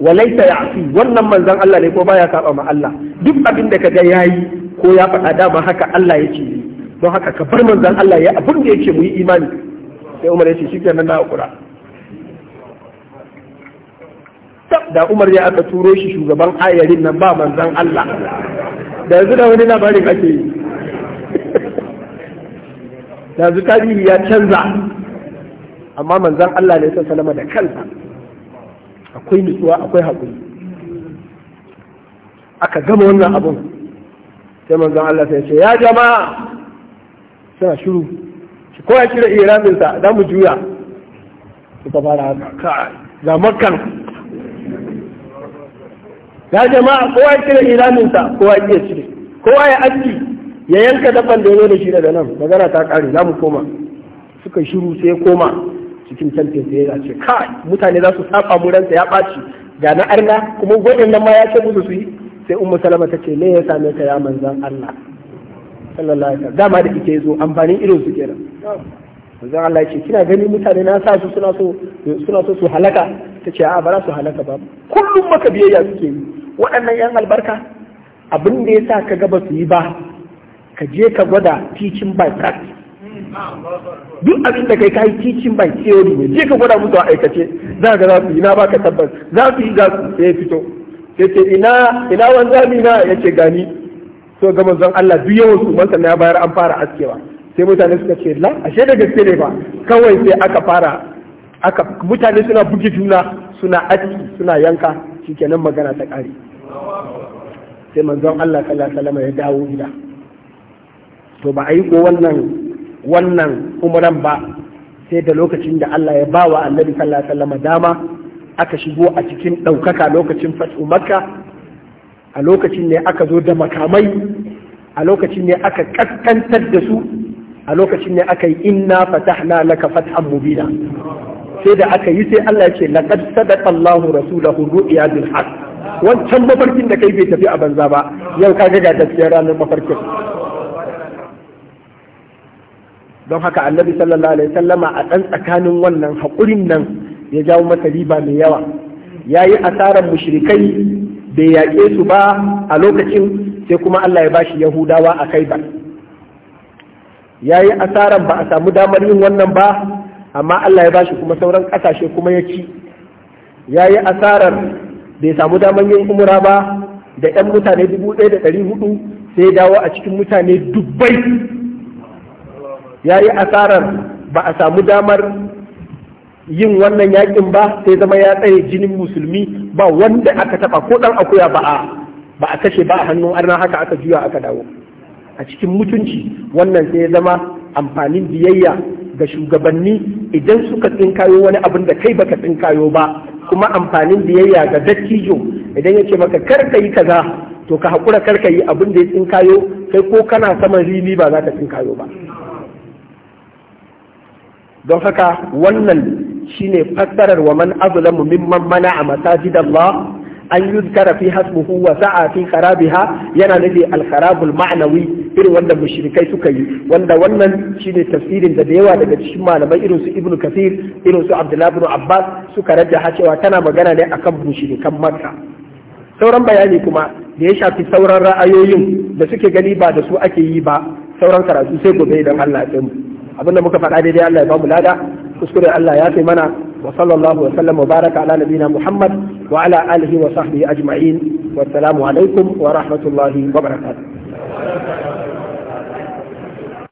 wa ya ya'si wannan manzan Allah ne ko baya saba ma Allah duk abin da kaga yayi ko ya faɗa dama haka Allah ya yi don haka ka bar manzan Allah ya abin da yake mu yi imani sai Umar ya ce shikenan na hakura da Umar ya aka turo shi shugaban ayarin nan ba manzan Allah da yanzu da wani labarin ake yi [LAUGHS] yanzu tarihi ya canza amma manzan Allah ne sun salama da kansa akwai nutsuwa akwai haƙuri aka gama wannan abun sai manzan Allah sai ce ya jama'a suna shiru shi ko ya kira raminsa za mu juya su ta fara haka ga makkan ya jama'a kowa ya kira raminsa kowa ya cire kowa ya aji ya yanka daban da ya da shi daga nan magana ta ƙare za mu koma suka shiru sai koma cikin tantin sai ya ce kai mutane za su saba mu ransa ya ɓaci ga na arna kuma waɗannan ma ya ce musu su yi sai ummu salama ta ce me ya same ka ya manzan Allah sallallahu alaihi wasallam dama da kike zo amfanin irin su kenan manzan Allah ya ce kina gani mutane na sa su suna so suna so su halaka ta ce a ba za su halaka ba kullum maka biyayya suke yi waɗannan yan albarka abin da ya sa ka ga ba su yi ba ka je ka gwada teaching by practice duk abin da kai kai teaching by theory ne je ka gwada musu a aikace za ga za su yi na baka tabbas za su yi za su sai fito sai ce ina ina wanzami na yace gani so ga manzon Allah duk yawan su mansa ya bayar an fara askewa sai mutane suka ce la ashe da gaske ne ba kawai sai aka fara aka mutane suna buge juna suna aski suna yanka shikenan magana ta kare sai manzon Allah sallallahu alaihi wasallam ya dawo gida to ba a yi ko wannan wannan umran ba sai da lokacin da Allah ya bawa annabi sallallahu alaihi wasallam dama aka shigo a cikin ɗaukaka lokacin fat'u makka a lokacin ne aka zo da makamai a lokacin ne aka kaskantar da su a lokacin ne aka yi inna fatahna laka fathan mubina sai da aka yi sai Allah ya ce laqad sadaqa Allahu rasulahu ru'ya bil haqq wancan mafarkin da kai bai tafi a banza ba yau kaga ga gaskiyar ranar mafarkin don haka annabi sallallahu alaihi sallama a ɗan tsakanin wannan haƙurin nan ya jawo masa riba mai yawa ya yi asarar mushrikai bai yaƙe su ba a lokacin sai kuma Allah ya bashi yahudawa a kai ba ya yi asarar ba a samu damar yin wannan ba amma Allah ya bashi kuma sauran ƙasashe kuma ya ci ya yi asarar bai samu damar yin umura ba da 'yan mutane dubu ɗaya da ɗari hudu sai dawo a cikin mutane dubbai ya yi asarar ba a samu damar yin wannan yakin ba sai zama ya tsaye jinin musulmi ba wanda aka taba ko dan akuya ba a ba a kashe ba a hannun arna haka aka juya aka dawo a cikin mutunci wannan sai zama amfanin biyayya ga shugabanni idan suka tsinkayo wani abin da kai baka tsinkayo ba kuma amfanin biyayya ga dattijo idan ya ce maka kar ka yi kaza to ka hakura kar ka yi abin da ya tsinkayo kai ko kana saman rini ba za ka tsinkayo ba don haka wannan shi ne fassarar wa man azulamu mimman mana a masajid Allah an yuzkara fi hasbuhu wa sa'a fi kharabiha yana nufi al-kharabul ma'nawi irin wanda mushrikai suka yi wanda wannan shine tafsirin da da yawa daga cikin malamai irin su Ibn Kathir irin su Abdullah ibn Abbas suka ha cewa tana magana ne akan mushrikan Makka sauran bayani kuma da ya shafi sauran ra'ayoyin da suke gani ba da su ake yi ba sauran karatu sai gobe idan Allah ya abinda muka faɗa daidai Allah ya bamu lada kuskure Allah ya kai mana wa sallallahu wa sallam wa baraka ala nabina Muhammad wa ala alihi wa sahbihi ajma'in wa assalamu alaikum wa rahmatullahi wa barakatuh